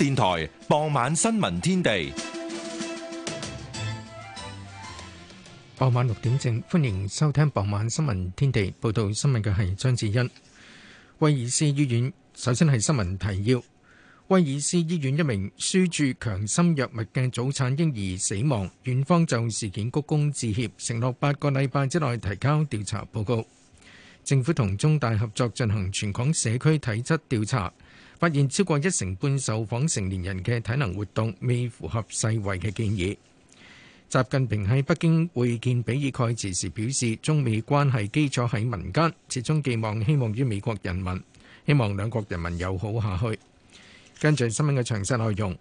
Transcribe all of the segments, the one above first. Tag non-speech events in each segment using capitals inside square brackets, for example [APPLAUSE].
電台傍晚新聞天地，傍晚六點正，歡迎收聽傍晚新聞天地。報道新聞嘅係張子欣。威爾斯醫院，首先係新聞提要：威爾斯醫院一名輸注強心藥物嘅早產嬰兒死亡，院方就事件鞠躬致歉，承諾八個禮拜之內提交調查報告。政府同中大合作進行全港社區體質調查。發現超過一成半受訪成年人嘅體能活動未符合世衛嘅建議。習近平喺北京會見比爾蓋茨時表示，中美關係基礎喺民間，始終寄望希望於美國人民，希望兩國人民友好下去。跟住新聞嘅詳細內容，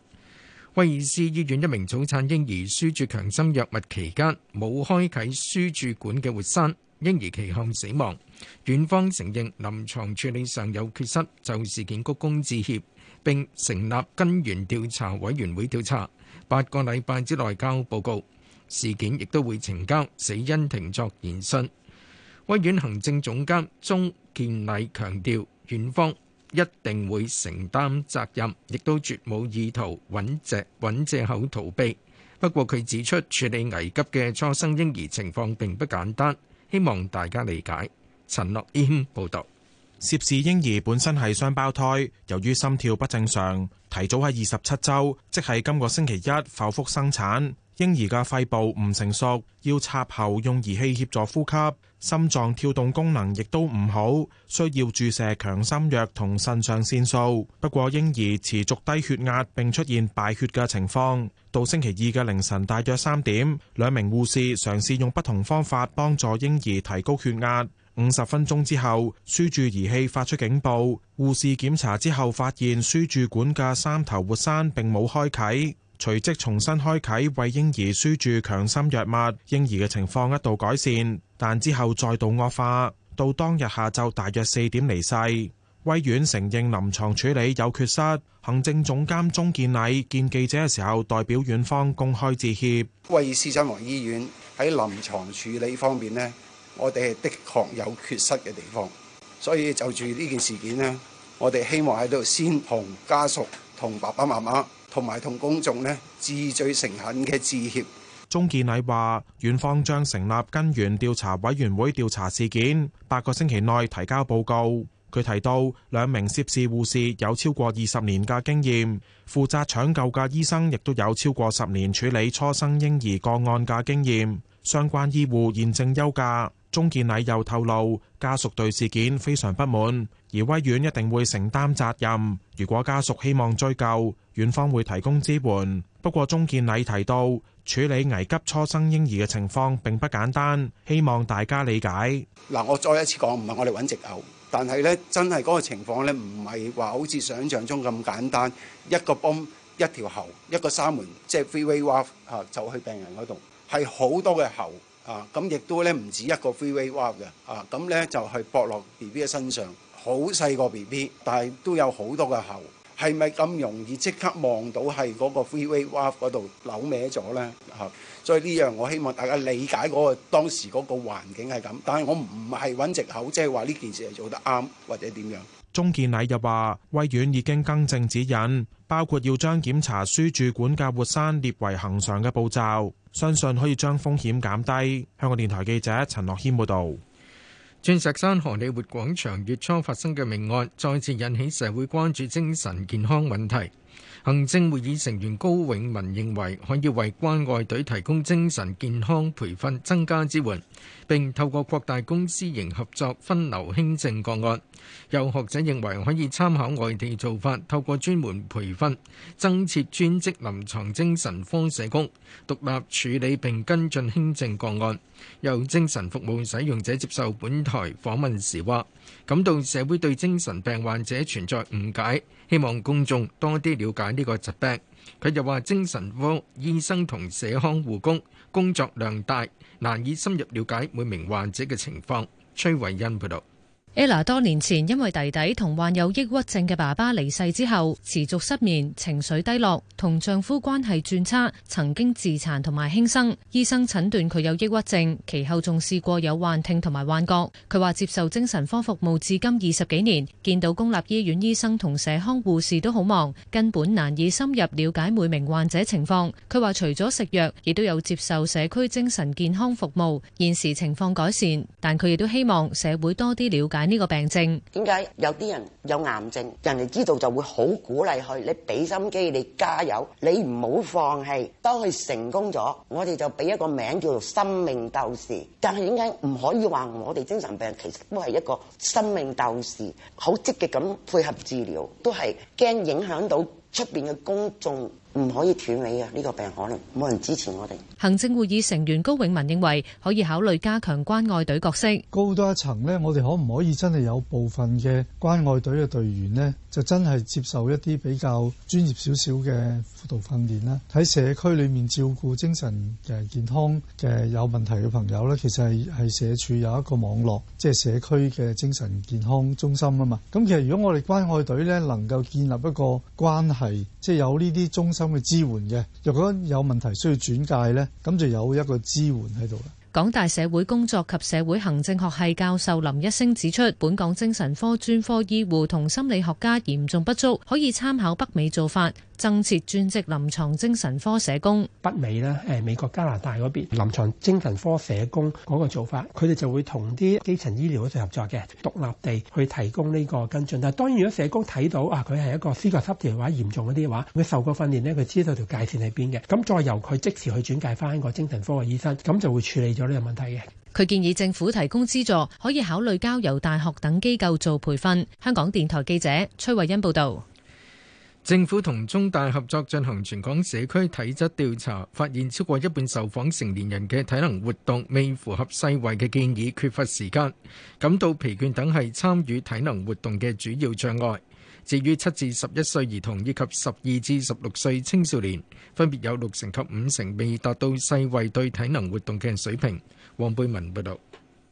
威爾斯醫院一名早產嬰兒輸注強心藥物期間冇開啟輸注管嘅活塞，嬰兒其後死亡。院方承認臨床處理上有缺失，就事件鞠躬致歉，並成立根源調查委員會調查，八個禮拜之內交報告。事件亦都會呈交死因庭作研訊。威院行政總監鍾建禮強調，院方一定會承擔責任，亦都絕冇意圖揾藉揾藉口逃避。不過佢指出，處理危急嘅初生嬰兒情況並不簡單，希望大家理解。陳樂謙報道，涉事嬰兒本身係雙胞胎，由於心跳不正常，提早喺二十七周，即係今個星期一剖腹生產。嬰兒嘅肺部唔成熟，要插喉用儀器協助呼吸，心臟跳動功能亦都唔好，需要注射強心藥同腎上腺素。不過，嬰兒持續低血壓，並出現敗血嘅情況。到星期二嘅凌晨大約三點，兩名護士嘗試用不同方法幫助嬰兒提高血壓。五十分鐘之後，輸注儀器發出警報，護士檢查之後發現輸注管嘅三頭活栓並冇開啟，隨即重新開啟為嬰兒輸注強心藥物，嬰兒嘅情況一度改善，但之後再度惡化，到當日下晝大約四點離世。威院承認臨床處理有缺失，行政總監鍾建禮見記者嘅時候，代表院方公開致歉。威爾斯親王醫院喺臨床處理方面呢。我哋係的確有缺失嘅地方，所以就住呢件事件咧，我哋希望喺度先同家屬同爸爸媽媽同埋同公眾呢，致最誠懇嘅致歉。鍾健禮話，院方將成立根源調查委員會調查事件，八個星期內提交報告。佢提到兩名涉事護士有超過二十年嘅經驗，負責搶救嘅醫生亦都有超過十年處理初生嬰兒個案嘅經驗。相關醫護現正休假，鍾建禮又透露家屬對事件非常不滿，而威院一定會承擔責任，如果家屬希望追究，院方會提供支援。不過鍾建禮提到，處理危急初生嬰兒嘅情況並不簡單，希望大家理解。嗱，我再一次講，唔係我哋揾借口，但係咧真係嗰個情況咧唔係話好似想象中咁簡單，一個泵、一條喉、一個三門，即係飛威哇吓，A、olf，就去病人度。係好多嘅喉啊！咁亦都咧唔止一個 freeway valve 嘅啊！咁咧就係搏落 B B 嘅身上，好細個 B B，但係都有好多嘅喉，係咪咁容易即刻望到係嗰個 freeway valve 嗰度扭歪咗咧？嚇、啊！所以呢樣我希望大家理解嗰、嗰個當時嗰個環境係咁，但係我唔係揾藉口，即係話呢件事係做得啱或者點樣。鐘健禮又話，威院已經更正指引。包括要將檢查書住管嘅活山列為恒常嘅步驟，相信可以將風險減低。香港電台記者陳樂謙報道，鑽石山荷里活廣場月初發生嘅命案，再次引起社會關注精神健康問題。行政會議成員高永文認為，可以為關愛隊提供精神健康培訓，增加支援，並透過擴大公私營合作分流輕症個案。有學者認為可以參考外地做法，透過專門培訓，增設專職臨牀精神科社工，獨立處理並跟進輕症個案。有精神服務使用者接受本台訪問時話，感到社會對精神病患者存在誤解，希望公眾多啲了解呢個疾病。佢又話：精神科醫生同社康護工工作量大，難以深入了解每名患者嘅情況。崔慧欣報道。Ella 多年前因為弟弟同患有抑鬱症嘅爸爸離世之後，持續失眠、情緒低落，同丈夫關係轉差，曾經自殘同埋輕生。醫生診斷佢有抑鬱症，其後仲試過有幻聽同埋幻覺。佢話接受精神科服務至今二十幾年，見到公立醫院醫生同社康護士都好忙，根本難以深入了解每名患者情況。佢話除咗食藥，亦都有接受社區精神健康服務，現時情況改善，但佢亦都希望社會多啲了解。呢個病症，點解有啲人有癌症，人哋知道就會好鼓勵佢，你俾心機，你加油，你唔好放棄。當佢成功咗，我哋就俾一個名叫做生命鬥士。但係點解唔可以話我哋精神病其實都係一個生命鬥士，好積極咁配合治療，都係驚影響到出邊嘅公眾。唔可以斷尾啊，呢個病可能冇人支持我哋。行政會議成員高永文認為可以考慮加強關愛隊角色。高多一層咧，我哋可唔可以真係有部分嘅關愛隊嘅隊員咧，就真係接受一啲比較專業少少嘅輔導訓練啦？喺社區裏面照顧精神嘅健康嘅有問題嘅朋友咧，其實係係社署有一個網絡，即係社區嘅精神健康中心啊嘛。咁其實如果我哋關愛隊咧能夠建立一個關係，即係有呢啲中心去支援嘅。若果有問題需要轉介咧，咁就有一個支援喺度啦。港大社會工作及社會行政學系教授林一星指出，本港精神科專科醫護同心理學家嚴重不足，可以參考北美做法，增設專職臨床精神科社工。北美呢，誒美國加拿大嗰邊臨牀精神科社工嗰個做法，佢哋就會同啲基層醫療嗰度合作嘅，獨立地去提供呢個跟進。但係當然，如果社工睇到啊，佢係一個思覺失調或者嚴重嗰啲嘅話，佢受過訓練呢，佢知道條界線喺邊嘅，咁再由佢即時去轉介翻個精神科嘅醫生，咁就會處理。有啲有問題嘅，佢建議政府提供資助，可以考慮交由大學等機構做培訓。香港電台記者崔慧欣報道，政府同中大合作進行全港社區體質調查，發現超過一半受訪成年人嘅體能活動未符合世衛嘅建議，缺乏時間、感到疲倦等係參與體能活動嘅主要障礙。至於七至十一歲兒童以及十二至十六歲青少年，分別有六成及五成未達到世衛對體能活動嘅水平。黃貝文報導，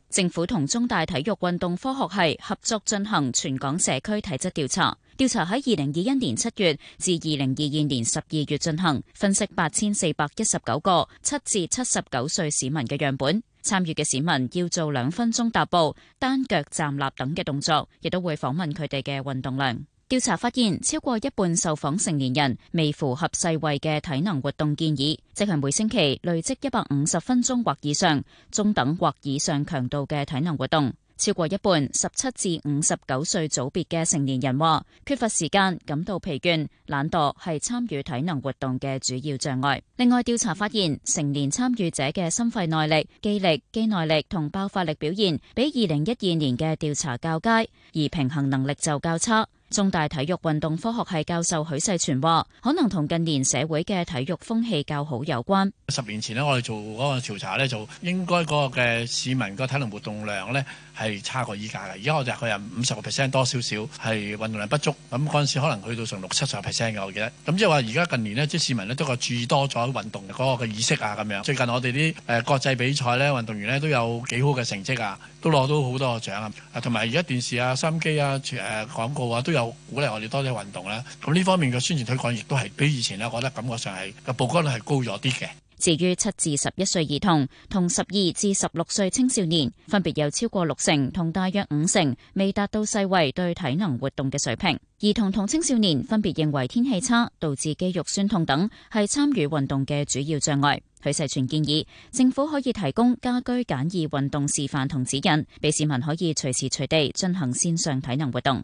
政府同中大體育運動科學系合作進行全港社區體質調查，調查喺二零二一年七月至二零二二年十二月進行，分析八千四百一十九個七至七十九歲市民嘅樣本。參與嘅市民要做兩分鐘踏步、單腳站立等嘅動作，亦都會訪問佢哋嘅運動量。調查發現，超過一半受訪成年人未符合世衛嘅體能活動建議，即係每星期累積一百五十分鐘或以上中等或以上強度嘅體能活動。超過一半十七至五十九歲組別嘅成年人話，缺乏時間、感到疲倦、懶惰係參與體能活動嘅主要障礙。另外，調查發現，成年參與者嘅心肺耐力、肌力、肌耐力同爆發力表現比二零一二年嘅調查較佳，而平衡能力就較差。中大體育運動科學系教授許世全話，可能同近年社會嘅體育風氣較好有關。十年前咧，我哋做嗰個調查呢就應該嗰個嘅市民個體能活動量呢係差過依家嘅。而家我就佢人五十個 percent 多少少係運動量不足。咁嗰陣時可能去到成六七十 percent 嘅，我記得。咁即係話，而家近年呢，即係市民呢都係注意多咗運動嗰個嘅意識啊，咁樣。最近我哋啲誒國際比賽呢，運動員呢都有幾好嘅成績啊。都攞到好多獎啊！同埋而家電視啊、收音機啊、誒廣告啊，都有鼓勵我哋多啲運動啦。咁、嗯、呢方面嘅宣傳推廣，亦都係比以前呢，我覺得感覺上係嘅曝光率係高咗啲嘅。至於七至十一歲兒童同十二至十六歲青少年，分別有超過六成同大約五成未達到世衛對體能活動嘅水平。兒童同青少年分別認為天氣差導致肌肉酸痛等係參與運動嘅主要障礙。許世全建議政府可以提供家居簡易運動示範同指引，俾市民可以隨時隨地進行線上體能活動。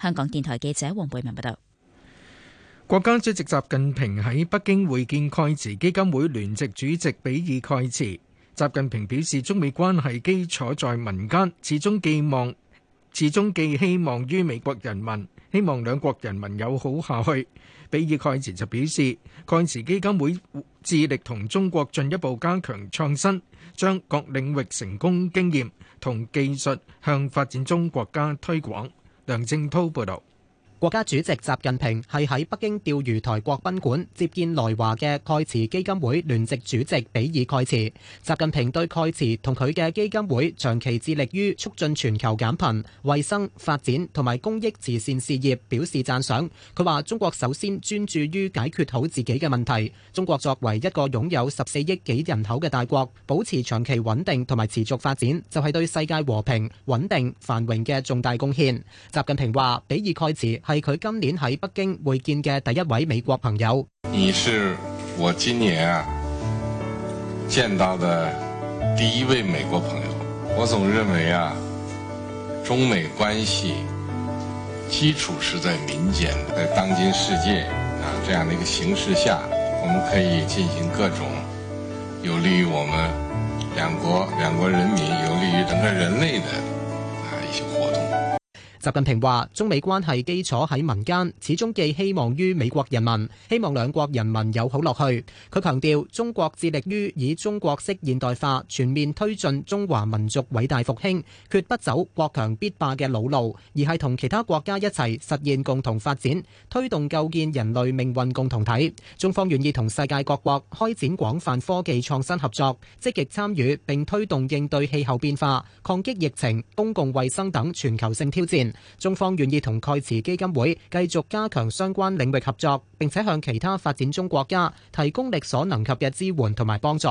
香港電台記者黃貝文報道。國家主席習近平喺北京會見蓋茨基金會聯席主席比爾蓋茨。習近平表示，中美關係基礎在民間，始終寄望、始終寄希望於美國人民，希望兩國人民友好下去。比爾蓋茨就表示，蓋茨基金會致力同中國進一步加強創新，將各領域成功經驗同技術向發展中國家推廣。梁正滔報導。國家主席習近平係喺北京釣魚台國賓館接見來華嘅蓋茨基金會聯席主席比爾蓋茨。習近平對蓋茨同佢嘅基金會長期致力於促進全球減貧、衛生發展同埋公益慈善事業表示讚賞。佢話：中國首先專注於解決好自己嘅問題。中國作為一個擁有十四億幾人口嘅大國，保持長期穩定同埋持續發展，就係對世界和平、穩定、繁榮嘅重大貢獻。習近平話：比爾蓋茨係係佢今年喺北京會見嘅第一位美國朋友。你是我今年啊，見到的第一位美國朋友。我總認為啊，中美關係基礎是在民間。在當今世界啊，這樣的一個形勢下，我們可以進行各種有利於我們兩國、兩國人民、有利於整個人類的啊一些活動。習近平話：中美關係基礎喺民間，始終寄希望於美國人民，希望兩國人民友好落去。佢強調，中國致力於以中國式現代化，全面推進中華民族偉大復興，決不走國強必霸嘅老路，而係同其他國家一齊實現共同發展，推動構建人類命運共同體。中方願意同世界各國開展廣泛科技創新合作，積極參與並推動應對氣候變化、抗擊疫情、公共衛生等全球性挑戰。中方願意同蓋茨基金會繼續加強相關領域合作，並且向其他發展中國家提供力所能及嘅支援同埋幫助。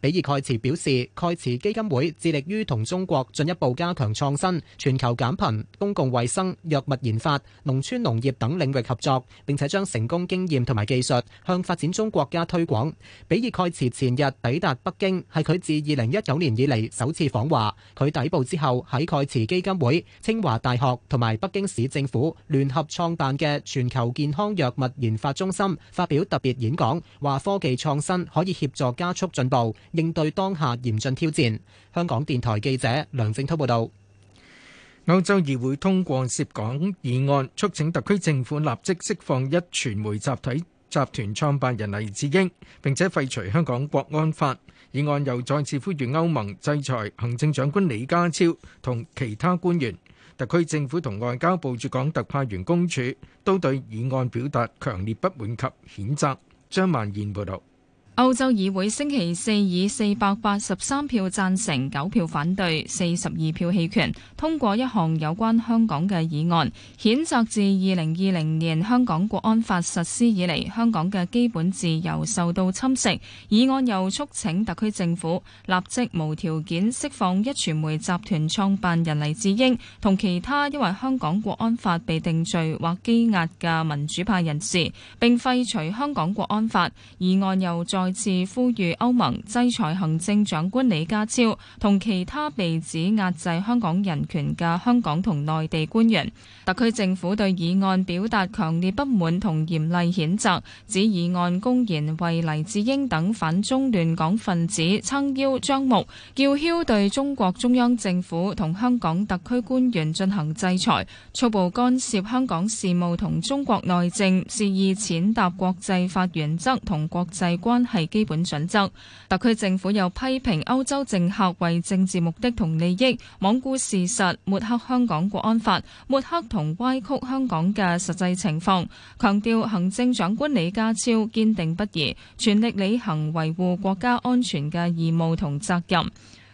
比爾蓋茨表示，蓋茨基金會致力於同中國進一步加強創新、全球減貧、公共衛生、藥物研發、農村農業等領域合作，並且將成功經驗同埋技術向發展中國家推廣。比爾蓋茨前日抵達北京，係佢自二零一九年以嚟首次訪華。佢抵步之後喺蓋茨基金會、清華大學、同埋北京市政府聯合創辦嘅全球健康藥物研發中心發表特別演講，話科技創新可以協助加速進步，應對當下嚴峻挑戰。香港電台記者梁正濤報導。歐洲議會通過涉港議案，促請特區政府立即釋放壹傳媒集體集團創辦人黎智英，並且廢除香港國安法。議案又再次呼籲歐盟制裁行政長官李家超同其他官員。特區政府同外交部駐港特派員公署都對議案表達強烈不滿及譴責。張萬燕報道。歐洲議會星期四以四百八十三票贊成、九票反對、四十二票棄權通過一項有關香港嘅議案，譴責自二零二零年香港國安法實施以嚟，香港嘅基本自由受到侵蝕。議案又促請特區政府立即無條件釋放一傳媒集團創辦人黎智英，同其他因為香港國安法被定罪或羈押嘅民主派人士，並廢除香港國安法。議案又再。再次呼籲歐盟制裁行政長官李家超同其他被指壓制香港人權嘅香港同內地官員。特區政府對議案表達強烈不滿同嚴厲譴責，指議案公然為黎智英等反中亂港分子撐腰張目，叫囂對中國中央政府同香港特區官員進行制裁，粗暴干涉香港事務同中國內政，肆意踐踏國際法原則同國際關係。係基本準則。特區政府又批評歐洲政客為政治目的同利益，罔顧事實，抹黑香港國安法，抹黑同歪曲香港嘅實際情況，強調行政長官李家超堅定不移，全力履行維護國家安全嘅義務同責任。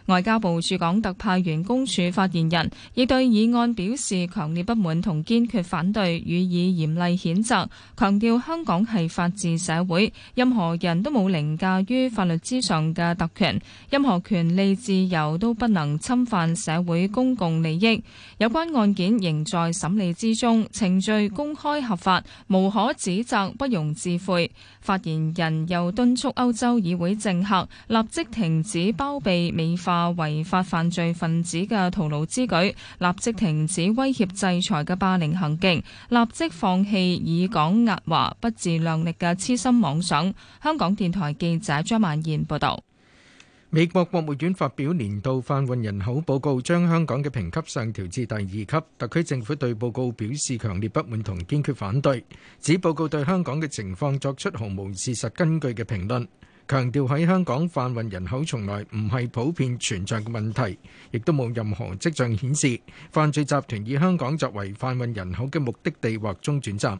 外交部駐港特派員公署發言人已對議案表示強烈不滿同堅決反對，予以嚴厲譴責，強調香港係法治社會，任何人都冇凌駕於法律之上嘅特權，任何權利自由都不能侵犯社會公共利益。有關案件仍在審理之中，程序公開合法，無可指責，不容置喙。發言人又敦促歐洲議會政客立即停止包庇美化。啊！違法犯罪分子嘅徒勞之舉，立即停止威脅制裁嘅霸凌行徑，立即放棄以港壓華、不自量力嘅痴心妄想。香港電台記者張曼燕報道。美國國務院發表年度販運人口報告，將香港嘅評級上調至第二級。特區政府對報告表示強烈不滿同堅決反對，指報告對香港嘅情況作出毫無事實根據嘅評論。強調喺香港販運人口從來唔係普遍存在嘅問題，亦都冇任何跡象顯示犯罪集團以香港作為販運人口嘅目的地或中轉站。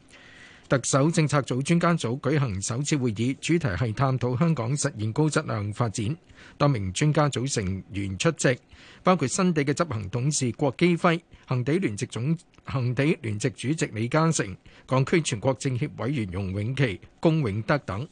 特首政策組專家組舉行首次會議，主題係探討香港實現高質量發展。多名專家組成員出席，包括新地嘅執行董事郭基輝、恆地聯席總恆地聯席主席李家誠、港區全國政協委員容永祺、龔永德等。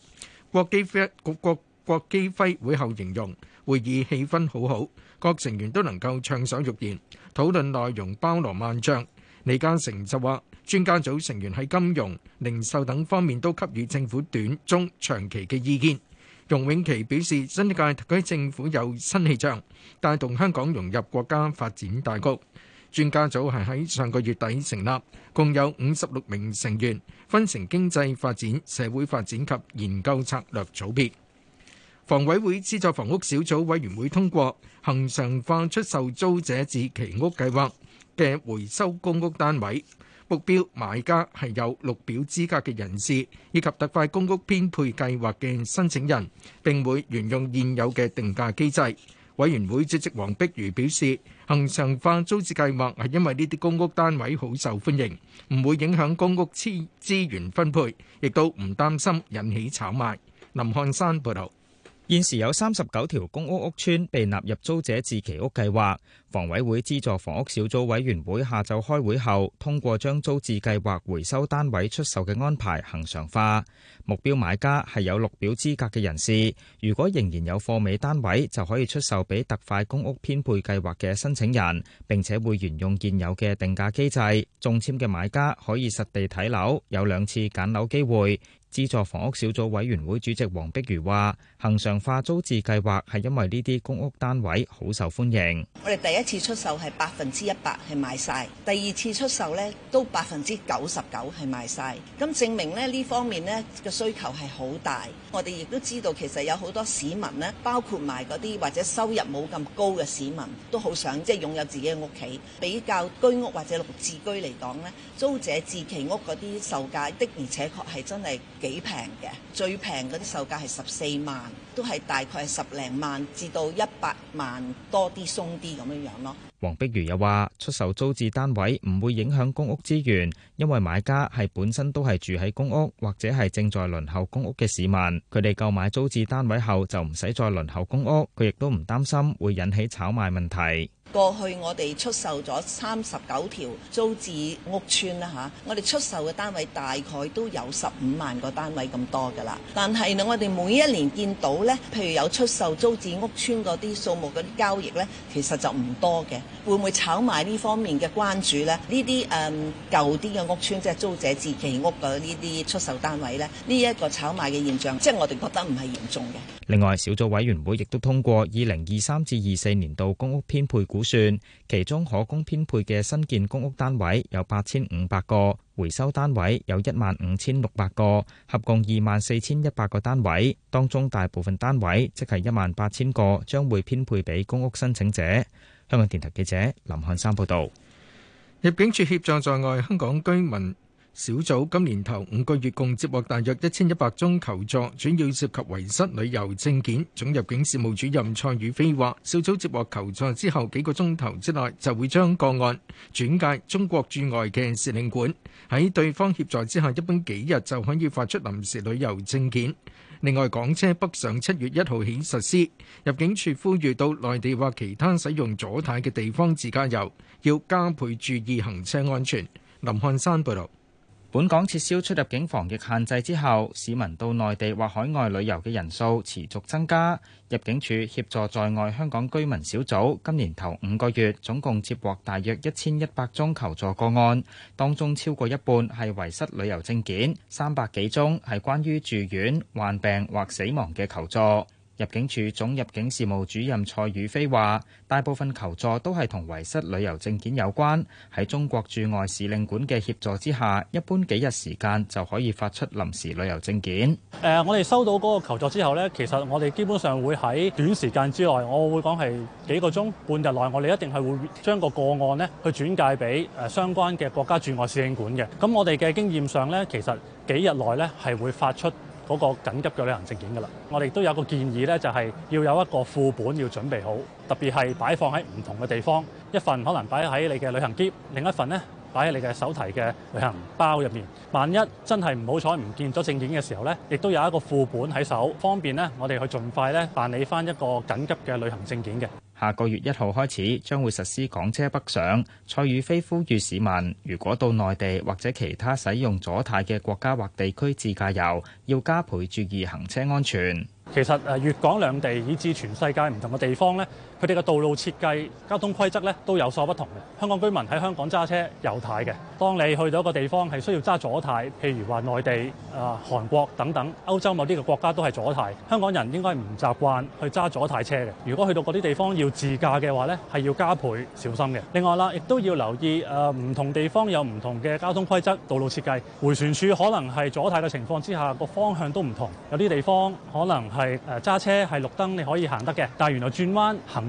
郭基輝局郭郭基輝會後形容會議氣氛好好，各成員都能夠暢所欲言，討論內容包羅萬象。李家誠就話。專家組成員喺金融、零售等方面都給予政府短、中、長期嘅意見。容永琪表示，新一屆特區政府有新氣象，帶動香港融入國家發展大局。專家組係喺上個月底成立，共有五十六名成員，分成經濟發展、社會發展及研究策略組別。房委會資助房屋小組委員會通過恆常化出售租者置其屋計劃嘅回收公屋單位。目標買家係有綠表資格嘅人士，以及特快公屋編配計劃嘅申請人，並會沿用現有嘅定價機制。委員會主席黃碧如表示，恆常化租置計劃係因為呢啲公屋單位好受歡迎，唔會影響公屋資資源分配，亦都唔擔心引起炒賣。林漢山報道。現時有三十九條公屋屋邨被納入租者置其屋計劃，房委會資助房屋小組委員會下晝開會後，通過將租置計劃回收單位出售嘅安排恒常化。目標買家係有綠表資格嘅人士。如果仍然有貨尾單位，就可以出售俾特快公屋編配計劃嘅申請人，並且會沿用現有嘅定價機制。中籤嘅買家可以實地睇樓，有兩次揀樓機會。資助房屋小組委員會主席黃碧如話，恒常化租置計劃係因為呢啲公屋單位好受歡迎。我哋第一次出售係百分之一百係賣晒，第二次出售呢都百分之九十九係賣晒，咁證明呢呢方面呢嘅需求係好大。我哋亦都知道，其實有好多市民呢，包括埋嗰啲或者收入冇咁高嘅市民，都好想即係、就是、擁有自己嘅屋企。比較居屋或者綠置居嚟講呢，租者置其屋嗰啲售價的而且確係真係。幾平嘅，最平嗰啲售價係十四萬，都係大概係十零萬至到一百萬多啲鬆啲咁樣樣咯。黃碧如又話：出售租置單位唔會影響公屋資源，因為買家係本身都係住喺公屋或者係正在輪候公屋嘅市民，佢哋購買租置單位後就唔使再輪候公屋，佢亦都唔擔心會引起炒賣問題。過去我哋出售咗三十九條租置屋邨，啦、啊、嚇，我哋出售嘅單位大概都有十五萬個單位咁多㗎啦。但係呢，我哋每一年見到呢，譬如有出售租置屋邨嗰啲數目嗰啲交易呢，其實就唔多嘅。會唔會炒賣呢方面嘅關注呢？呢啲誒舊啲嘅屋邨，即係租者置其屋嘅呢啲出售單位呢，呢、這、一個炒賣嘅現象，即、就、係、是、我哋覺得唔係嚴重嘅。另外，小組委員會亦都通過二零二三至二四年度公屋編配股。估算其中可供編配嘅新建公屋單位有八千五百個，回收單位有一萬五千六百個，合共二萬四千一百個單位。當中大部分單位，即係一萬八千個，將會編配俾公屋申請者。香港電台記者林漢山報道。入境處協助在外香港居民。小組今年頭五個月共接獲大約一千一百宗求助，主要涉及遺失旅遊證件。總入境事務主任蔡宇飛話，小組接獲求助之後幾個鐘頭之內就會將個案轉介中國駐外嘅使領館，喺對方協助之下，一般幾日就可以發出臨時旅遊證件。另外，港車北上七月一號起實施。入境處呼籲到內地或其他使用左軚嘅地方自駕遊，要加倍注意行車安全。林漢山報道。本港撤銷出入境防疫限制之後，市民到內地或海外旅遊嘅人數持續增加。入境處協助在外香港居民小組今年頭五個月總共接獲大約一千一百宗求助個案，當中超過一半係遺失旅遊證件，三百幾宗係關於住院、患病或死亡嘅求助。入境處總入境事務主任蔡宇飛話，大部分求助都係同遺失旅遊證件有關，喺中國駐外使領館嘅協助之下，一般幾日時間就可以發出臨時旅遊證件。誒、呃，我哋收到嗰個求助之後呢，其實我哋基本上會喺短時間之內，我會講係幾個鐘半日內，我哋一定係會將個個案呢去轉介俾誒相關嘅國家駐外使領館嘅。咁我哋嘅經驗上呢，其實幾日內呢係會發出嗰個緊急嘅旅行證件㗎啦，我哋都有個建議呢，就係要有一個副本要準備好，特別係擺放喺唔同嘅地方，一份可能擺喺你嘅旅行喼，另一份呢擺喺你嘅手提嘅旅行包入面。萬一真係唔好彩唔見咗證件嘅時候呢，亦都有一個副本喺手，方便呢我哋去盡快呢辦理返一個緊急嘅旅行證件嘅。下個月一號開始，將會實施港車北上。蔡宇飛呼籲市民，如果到內地或者其他使用左軚嘅國家或地區自駕遊，要加倍注意行車安全。其實誒，粵港兩地以至全世界唔同嘅地方咧。佢哋嘅道路設計、交通規則咧都有所不同嘅。香港居民喺香港揸車右軚嘅，當你去到一個地方係需要揸左軚，譬如話內地、啊、呃、韓國等等、歐洲某啲嘅國家都係左軚。香港人應該唔習慣去揸左軚車嘅。如果去到嗰啲地方要自駕嘅話咧，係要加倍小心嘅。另外啦，亦都要留意誒唔同地方有唔同嘅交通規則、道路設計、迴旋處可能係左軚嘅情況之下，個方向都唔同。有啲地方可能係誒揸車係綠燈你可以行得嘅，但係原來轉彎行。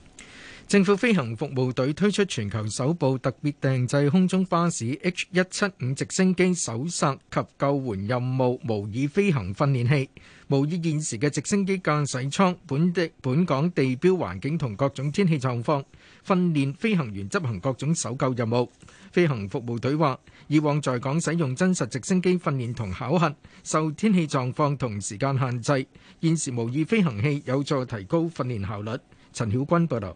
政府飛行服務隊推出全球首部特別訂製空中巴士 H 一七五直升機搜索及救援任務模擬飛行訓練器，模擬現時嘅直升機駕駛艙、本地本港地標環境同各種天氣狀況，訓練飛行員執行各種搜救任務。飛行服務隊話：以往在港使用真實直升機訓練同考核，受天氣狀況同時間限制，現時模擬飛行器有助提高訓練效率。陳曉君報道。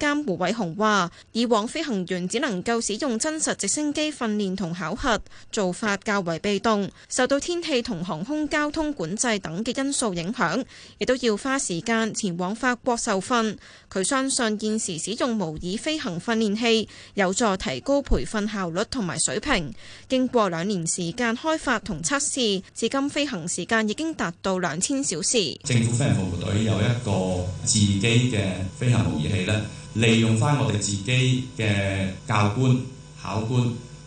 監胡偉雄話：以往飛行員只能夠使用真實直升機訓練同考核，做法較為被動，受到天氣同航空交通管制等嘅因素影響，亦都要花時間前往法國受訓。佢相信現時使用模擬飛行訓練器有助提高培訓效率同埋水平。經過兩年時間開發同測試，至今飛行時間已經達到兩千小時。政府飛行服務隊有一個自己嘅飛行模擬器咧。利用翻我哋自己嘅教官、考官，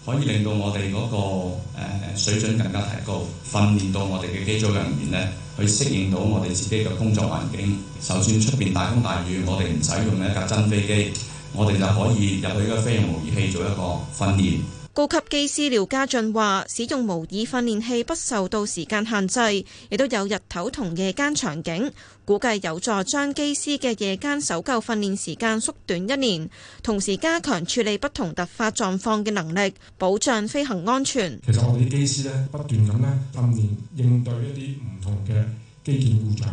可以令到我哋嗰個誒、呃、水準更加提高，訓練到我哋嘅機組人員咧，去適應到我哋自己嘅工作環境。就算出邊大風大雨，我哋唔使用一架真飛機，我哋就可以入去一個飛行模擬器做一個訓練。高級機師廖家俊話，使用模擬訓練器不受到時間限制，亦都有日頭同夜間場景，估計有助將機師嘅夜間搜救訓練時間縮短一年，同時加強處理不同突發狀況嘅能力，保障飛行安全。其實我哋啲機師咧，不斷咁咧訓練應對一啲唔同嘅機件故障，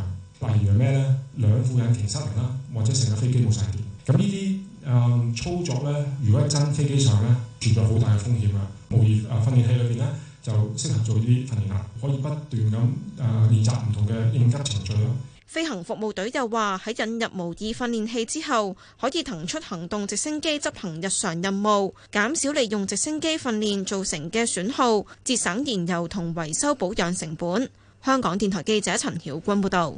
例如咩咧，兩副引擎失靈啦，或者成架飛機冇晒電咁呢啲誒操作咧，如果一真飛機上咧，存在好大嘅風險。嘅模擬啊訓練器裏邊咧就適合做呢啲訓練啦，可以不斷咁啊練習唔同嘅應急程序咯。飛行服務隊又話喺引入模擬訓練器之後，可以騰出行動直升機執行日常任務，減少利用直升機訓練造成嘅損耗，節省燃油同維修保養成本。香港電台記者陳曉君報導。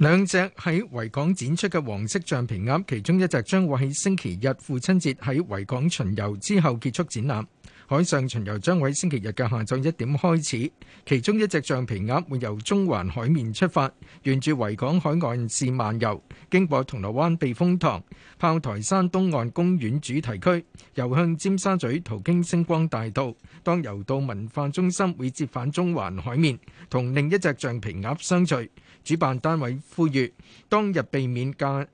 兩隻喺維港展出嘅黃色橡皮鴨，其中一隻將會喺星期日父親節喺維港巡遊之後結束展覽。海上巡遊將會喺星期日嘅下晝一點開始，其中一隻橡皮鴨會由中環海面出發，沿住維港海岸線漫遊，經過銅鑼灣避風塘、炮台山東岸公園主題區，遊向尖沙咀途經星光大道，當遊到文化中心會折返中環海面，同另一隻橡皮鴨相聚。主辦單位呼籲當日避免駕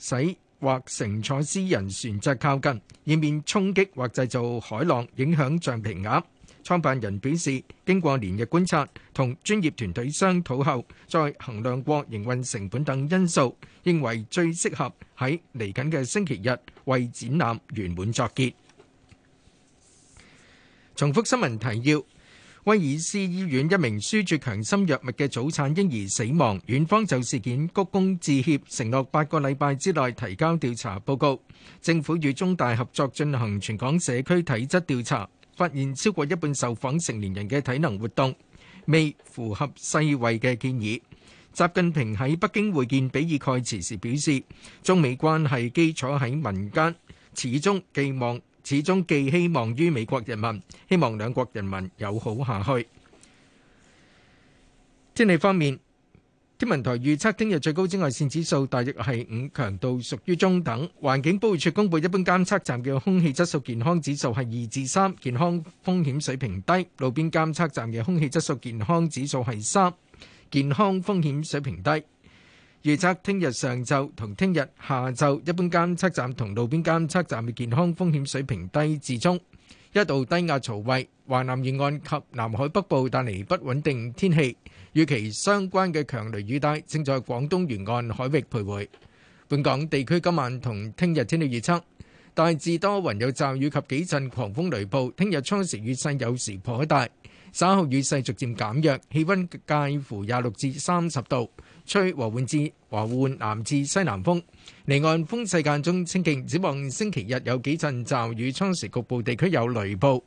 駛或乘坐私人船隻靠近，以免衝擊或製造海浪，影響橡皮鴨。創辦人表示，經過連日觀察同專業團隊商討後，再衡量過營運成本等因素，認為最適合喺嚟緊嘅星期日為展覽圓滿作結。重複新聞提要。威爾斯醫院一名輸住強心藥物嘅早產嬰兒死亡，院方就事件鞠躬致歉，承諾八個禮拜之內提交調查報告。政府與中大合作進行全港社區體質調查，發現超過一半受訪成年人嘅體能活動未符合世衛嘅建議。習近平喺北京會見比爾蓋茨時表示，中美關係基礎喺民間，始終寄望，始終寄希望於美國人民，希望兩國人民友好下去。天氣方面，天文台預測聽日最高紫外線指數大約係五，強度屬於中等。環境保護署公布一般監測站嘅空氣質素健康指數係二至三，健康風險水平低；路邊監測站嘅空氣質素健康指數係三，健康風險水平低。預測聽日上晝同聽日下晝，一般監測站同路邊監測站嘅健康風險水平低至中。一道低壓槽為華南沿岸及南海北部帶嚟不穩定天氣，與其相關嘅強雷雨帶正在廣東沿岸海域徘徊。本港地區今晚同聽日天氣預測，大致多雲有驟雨及幾陣狂風雷暴。聽日初時雨勢有時頗大，稍後雨勢逐漸減弱，氣温介乎廿六至三十度。吹和緩至和緩南至西南風，離岸風勢間中清勁，展望星期日有幾陣驟雨，初時局部地區有雷暴。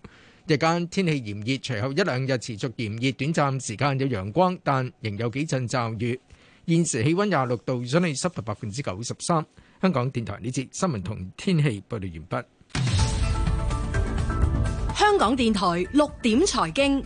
日間天氣炎熱，隨後一兩日持續炎熱，短暫時間有陽光，但仍有幾陣驟雨。現時氣温廿六度，相對濕度百分之九十三。香港電台呢節新聞同天氣報道完畢。香港電台六點財經。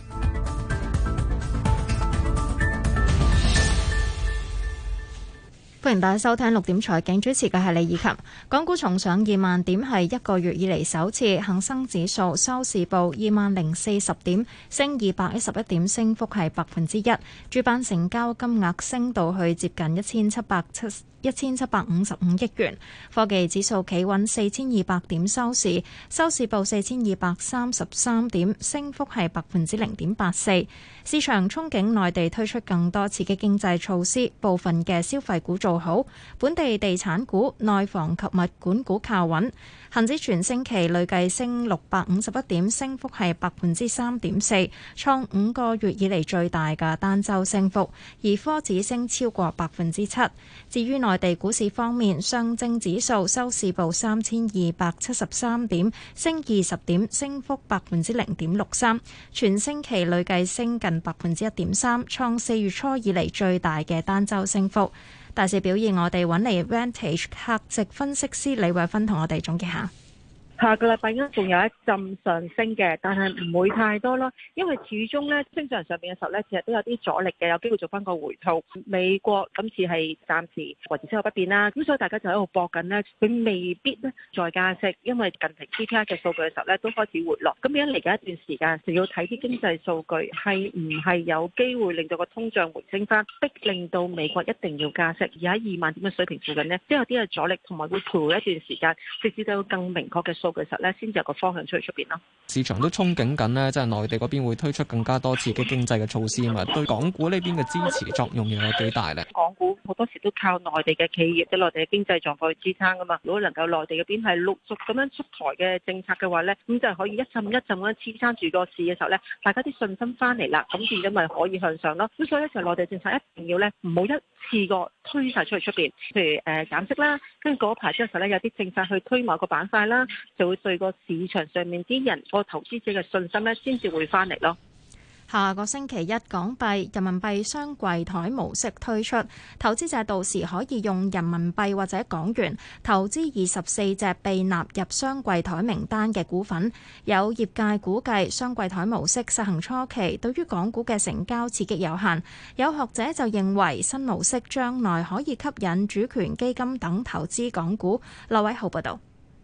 歡迎大家收聽六點財經，主持嘅係李以琴。港股重上二萬點係一個月以嚟首次，恒生指數收市報二萬零四十點，升二百一十一點，升幅係百分之一。主板成交金額升到去接近一千七百七一千七百五十五億元。科技指數企穩四千二百點收，收市、收市報四千二百三十三點，升幅係百分之零點八四。市場憧憬內地推出更多刺激經濟措施，部分嘅消費股。做好本地地產股、內房及物管股靠穩，恒指全星期累計升六百五十一點，升幅係百分之三點四，創五個月以嚟最大嘅單周升幅。而科指升超過百分之七。至於內地股市方面，上證指數收市報三千二百七十三點，升二十點，升幅百分之零點六三，全星期累計升近百分之一點三，創四月初以嚟最大嘅單周升幅。大市表現，我哋揾嚟 Vantage 客席分析師李慧芬同我哋總結下。下個禮拜應該仲有一陣上升嘅，但係唔會太多咯，因為始終咧，正常上面嘅時候咧，其實都有啲阻力嘅，有機會做翻個回吐。美國今次係暫時維持息口不變啦，咁所以大家就喺度搏緊咧，佢未必咧再加息，因為近期 CPI 嘅數據嘅時候咧都開始回落。咁樣嚟緊一段時間，就要睇啲經濟數據係唔係有機會令到個通脹回升翻，逼令到美國一定要加息，而喺二萬點嘅水平附近咧，都有啲嘅阻力，同埋會徘徊一段時間，直至到更明確嘅數。其實咧，先至有個方向出去出邊咯。市場都憧憬緊咧，即係內地嗰邊會推出更加多刺激經濟嘅措施啊嘛，對港股呢邊嘅支持作用又有幾大咧？港股好多時都靠內地嘅企業、啲內地嘅經濟狀況去支撐噶嘛。如果能夠內地嗰邊係陸續咁樣出台嘅政策嘅話咧，咁就係可以一浸一浸咁樣支撐住個市嘅時候咧，大家啲信心翻嚟啦，咁變咗咪可以向上咯。咁所以一就係內地政策一定要咧，唔好一次過。推晒出去出邊，譬如誒、呃、減息啦，跟住嗰排即係咧有啲政策去推某個板塊啦，就會對個市場上面啲人、個投資者嘅信心咧，先至會翻嚟咯。下個星期一，港幣、人民幣雙櫃台模式推出，投資者到時可以用人民幣或者港元投資二十四隻被納入雙櫃台名單嘅股份。有業界估計，雙櫃台模式實行初期對於港股嘅成交刺激有限。有學者就認為，新模式將來可以吸引主權基金等投資港股。劉偉豪報道。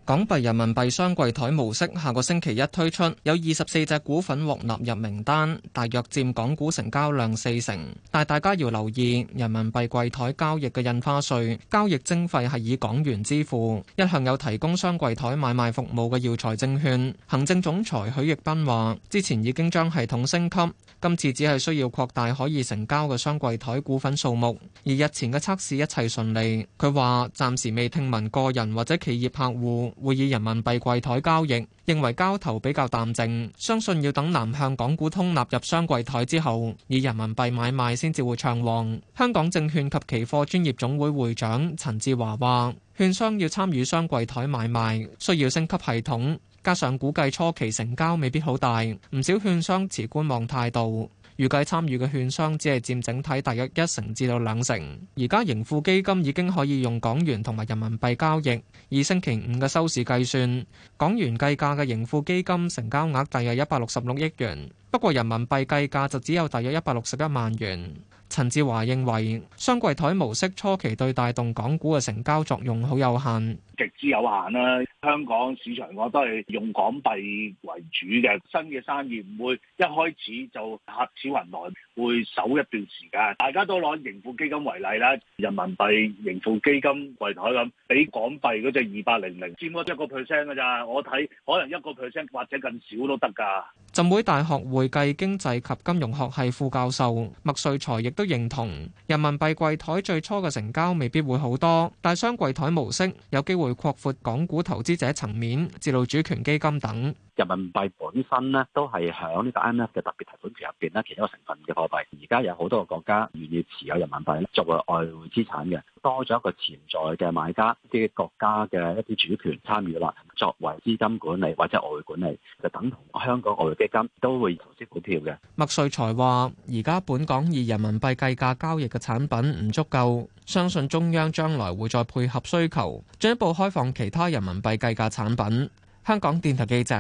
港幣人民幣雙櫃台模式下個星期一推出，有二十四隻股份獲納入名單，大約佔港股成交量四成。但大家要留意，人民幣櫃台交易嘅印花稅、交易徵費係以港元支付。一向有提供雙櫃台買賣服務嘅耀才證券行政總裁許奕斌話，之前已經將系統升級。今次只係需要擴大可以成交嘅雙櫃台股份數目，而日前嘅測試一切順利。佢話暫時未聽聞個人或者企業客戶會以人民幣櫃台交易，認為交投比較淡靜，相信要等南向港股通納入雙櫃台之後，以人民幣買賣先至會暢旺。香港證券及期貨專業總會會會長陳志華話：券商要參與雙櫃台買賣，需要升級系統。加上估計初期成交未必好大，唔少券商持觀望態度，預計參與嘅券商只係佔整體大約一成至到兩成。而家盈富基金已經可以用港元同埋人民幣交易，以星期五嘅收市計算，港元計價嘅盈富基金成交額大約一百六十六億元。不過人民幣計價就只有大約一百六十一萬元。陳志華認為雙櫃台模式初期對帶動港股嘅成交作用好有限，極之有限啦、啊。香港市場我都係用港幣為主嘅，新嘅生意唔會一開始就客似雲來。會守一段時間，大家都攞盈富基金為例啦，人民幣盈富基金櫃台咁，比港幣嗰隻二百零零，佔咗一個 percent 嘅咋，我睇可能一個 percent 或者更少都得㗎。浸會大學會計經濟及金融學系副教授麥瑞才亦都認同，人民幣櫃台最初嘅成交未必會好多，但雙櫃台模式有機會擴闊港股投資者層面，至到主權基金等。人民幣本身咧都係喺呢個 IMF 嘅特別提款權入邊咧，其中一個成分嘅貨幣。而家有好多個國家願意持有人民幣作為外匯資產嘅多咗一個潛在嘅買家，即國家嘅一啲主權參與啦，作為資金管理或者外匯管理，就等同香港外匯基金都會投資股票嘅。麥瑞才話：而家本港以人民幣計價交易嘅產品唔足夠，相信中央將來會再配合需求，進一步開放其他人民幣計價產品。 [MUSIC] 香港電台記者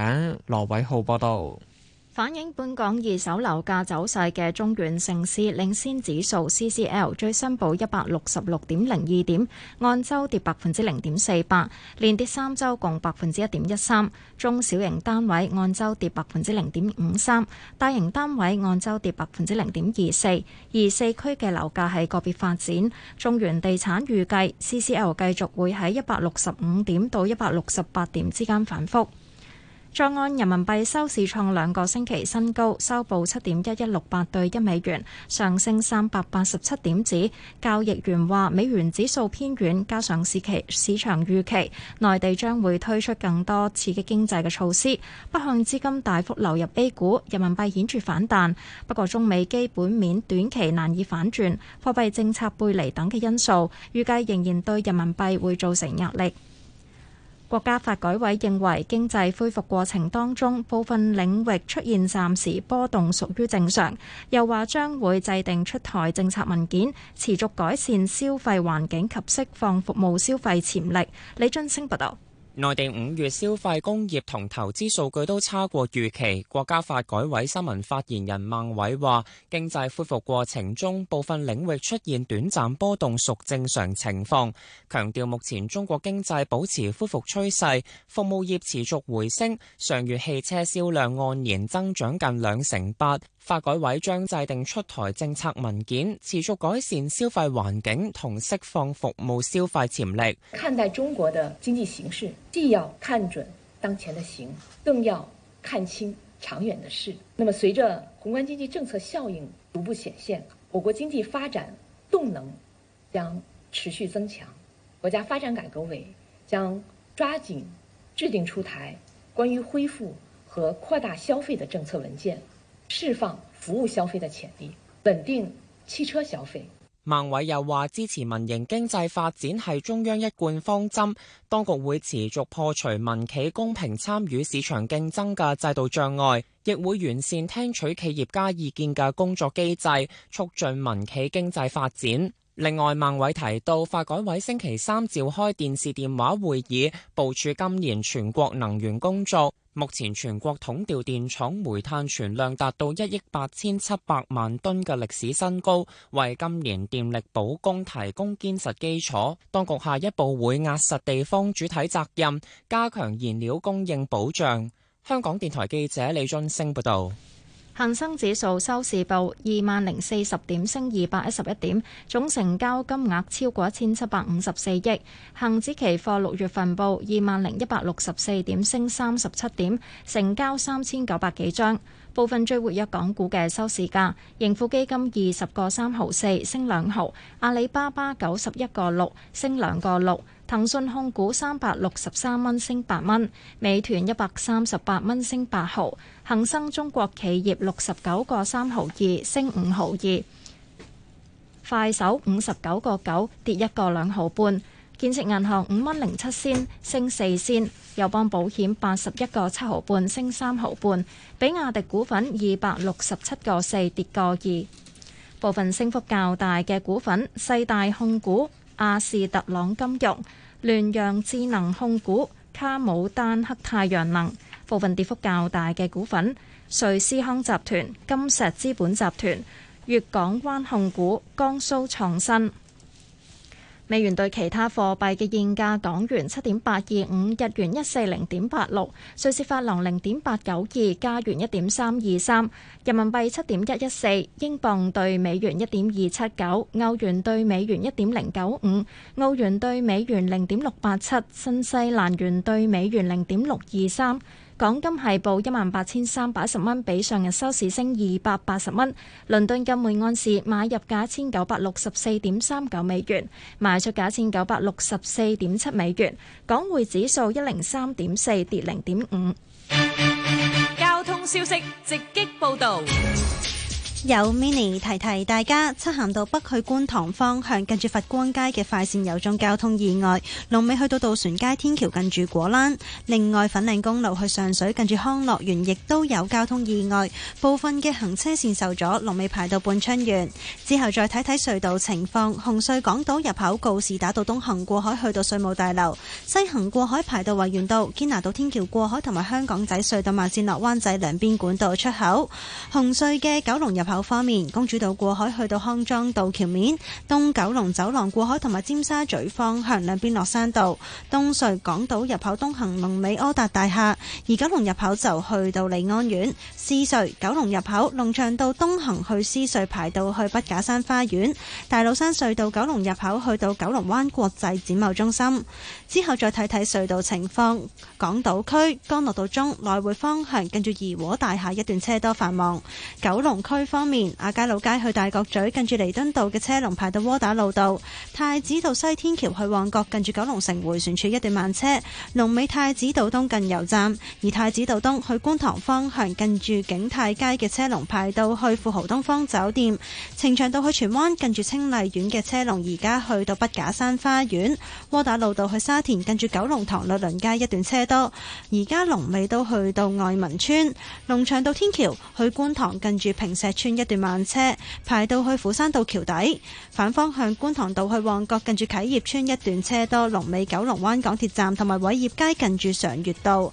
羅偉浩報道。反映本港二手樓價走勢嘅中原城市領先指數 CCL 最新報一百六十六點零二點，按周跌百分之零點四八，連跌三週共百分之一點一三。中小型單位按周跌百分之零點五三，大型單位按周跌百分之零點二四。而四區嘅樓價係個別發展，中原地產預計 CCL 繼續會喺一百六十五點到一百六十八點之間反覆。在岸人民幣收市創兩個星期新高，收報七點一一六八對一美元，上升三百八十七點子。交易員話：美元指數偏軟，加上市期市場預期內地將會推出更多刺激經濟嘅措施，北向資金大幅流入 A 股，人民幣顯著反彈。不過，中美基本面短期難以反轉，貨幣政策背離等嘅因素，預計仍然對人民幣會造成壓力。國家發改委認為，經濟恢復過程當中，部分領域出現暫時波動屬於正常。又話將會制定出台政策文件，持續改善消費環境及釋放服務消費潛力。李俊清報道。內地五月消費、工業同投資數據都差過預期。國家發改委新聞發言人孟偉話，經濟恢復過程中，部分領域出現短暫波動屬正常情況，強調目前中國經濟保持恢復趨勢，服務業持續回升，上月汽車銷量按年增長近兩成八。發改委將制定出台政策文件，持續改善消費環境同釋放服務消費潛力。看待中國的經濟形勢，既要看準當前的形，更要看清長遠的勢。那麼，隨着宏觀經濟政策效應逐步顯現，我國經濟發展動能將持續增強。國家發展改革委將抓緊制定出台關於恢復和擴大消費的政策文件。釋放服務消費的潛力，穩定汽車消費。孟偉又話：支持民營經濟發展係中央一貫方針，當局會持續破除民企公平參與市場競爭嘅制度障礙，亦會完善聽取企業家意見嘅工作機制，促進民企經濟發展。另外，孟偉提到，發改委星期三召開電視電話會議，部署今年全國能源工作。目前全國統調電廠煤炭存量達到一億八千七百萬噸嘅歷史新高，為今年電力保供提供堅實基礎。當局下一步會壓實地方主體責任，加強燃料供應保障。香港電台記者李俊升報道。恒生指數收市報二萬零四十點，升二百一十一點，總成交金額超過一千七百五十四億。恒指期貨六月份報二萬零一百六十四點，升三十七點，成交三千九百幾張。部分最活躍港股嘅收市價，盈富基金二十個三毫四升兩毫，阿里巴巴九十一個六升兩個六。騰訊控股三百六十三蚊，升八蚊；美團一百三十八蚊，升八毫；恒生中國企業六十九個三毫二，升五毫二；快手五十九個九，跌一個兩毫半；建設銀行五蚊零七仙，升四仙；友邦保險八十一個七毫半，升三毫半；比亞迪股份二百六十七個四，跌個二。部分升幅較大嘅股份：四大控股、亞視特朗金融。聯陽智能控股、卡姆丹克太陽能。部分跌幅較大嘅股份，瑞斯康集團、金石資本集團、粵港灣控股、江蘇創新。美元兌其他貨幣嘅現價：港元七點八二五，日元一四零點八六，瑞士法郎零點八九二，加元一點三二三，人民幣七點一一四，英鎊對美元一點二七九，歐元對美元一點零九五，澳元對美元零點六八七，新西蘭元對美元零點六二三。港金係報一萬八千三百一十蚊，比上日收市升二百八十蚊。倫敦金每安士買入價一千九百六十四點三九美元，賣出價一千九百六十四點七美元。港匯指數一零三點四，跌零點五。交通消息直擊報道。有 mini 提提大家，出行到北去觀塘方向，近住佛光街嘅快線有宗交通意外，龍尾去到渡船街天橋近住果欄；另外粉嶺公路去上水近住康樂園亦都有交通意外，部分嘅行車線受阻，龍尾排到半春園。之後再睇睇隧道情況，紅隧港島入口告士打道東行過海去到稅務大樓，西行過海排到維園道堅拿道天橋過海，同埋香港仔隧道慢線落灣仔兩邊管道出口。紅隧嘅九龍入口。方面，公主道過海去到康莊道橋面，東九龍走廊過海同埋尖沙咀方向兩邊落山道，東隧港島入口東行龍尾柯達大廈，而九龍入口就去到利安苑，獅隧九龍入口龍翔道東行去獅隧排到去筆架山花園，大老山隧道九龍入口去到九龍灣國際展貿中心。之後再睇睇隧道情況，港島區干諾道中來回方向跟住怡和大廈一段車多繁忙，九龍區方。方面，亞皆老街去大角咀，近住彌敦道嘅車龍排到窩打老道；太子道西天橋去旺角，近住九龍城迴旋處一段慢車；龍尾太子道東近油站，而太子道東去觀塘方向，近住景泰街嘅車龍排到去富豪東方酒店；呈祥道去荃灣，近住清麗苑嘅車龍而家去到畢架山花園；窩打老道去沙田，近住九龍塘律倫街一段車多，而家龍尾都去到愛民邨；龍翔道天橋去觀塘，近住平石村。一段慢車排到去釜山道橋底，反方向觀塘道去旺角近住啟業村一段車多，龍尾九龍灣港鐵站同埋偉業街近住常悅道。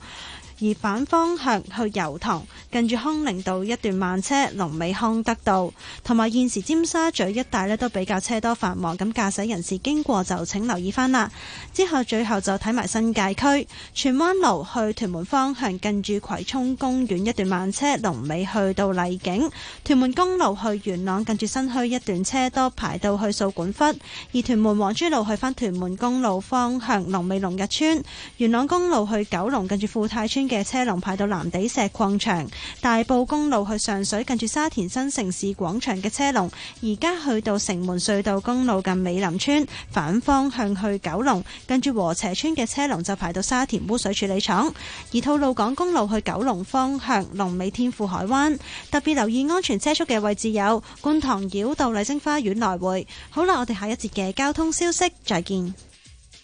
而反方向去油塘，近住康寧道一段慢車龍尾康德道，同埋現時尖沙咀一帶咧都比較車多繁忙，咁駕駛人士經過就請留意翻啦。之後最後就睇埋新界區荃灣路去屯門方向，近住葵涌公園一段慢車龍尾去到荔景。屯門公路去元朗，近住新墟一段車多排到去掃管笏。而屯門黃珠路去翻屯門公路方向，龍尾龍日村。元朗公路去九龍，近住富泰村嘅車龍排到藍地石礦場。大埔公路去上水，近住沙田新城市廣場嘅車龍，而家去到城門隧道公路近美林村。反方向去九龍，近住禾輋村嘅車龍就排到沙田污水處理廠。而吐露港公路去九龍方向龍尾天富海灣。特別留意安全車速嘅位置有觀塘繞道麗晶花園來回。好啦，我哋下一節嘅交通消息再見。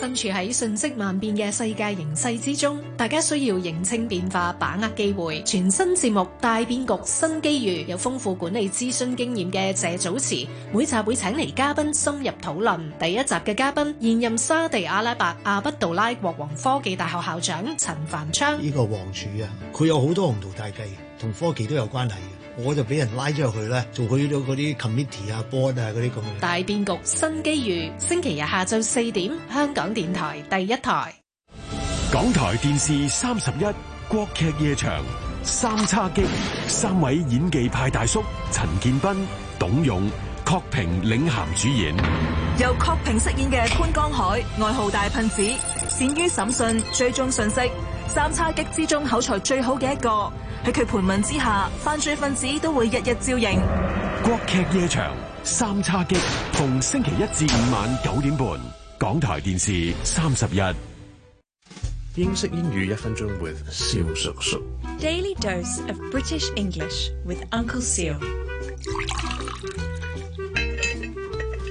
身處喺瞬息萬變嘅世界形勢之中，大家需要認清變化，把握機會。全新節目《大變局新機遇》，有豐富管理諮詢經驗嘅謝祖慈，每集會請嚟嘉賓深入討論。第一集嘅嘉賓，現任沙地阿拉伯阿卜杜拉國王科技大學校長陳繁昌。呢個王儲啊，佢有好多宏圖大計，同科技都有關係我就俾人拉咗入去咧，做嗰啲嗰啲 committee 啊、board 啊嗰啲咁。大變局、新機遇，星期日下晝四點，香港電台第一台。港台電視三十一國劇夜場三叉戟，三位演技派大叔陳建斌、董勇、郝平領銜主演，由郝平飾演嘅潘江海，外號大噴子，擅於審訊、追蹤信息，三叉戟之中口才最好嘅一個。喺佢盤問之下，犯罪分子都會日日照應。國劇夜場三叉戟，逢星期一至五晚九點半。港台電視三十日英式英語一分鐘，with 蕭叔叔。Daily dose of British English with Uncle Siu。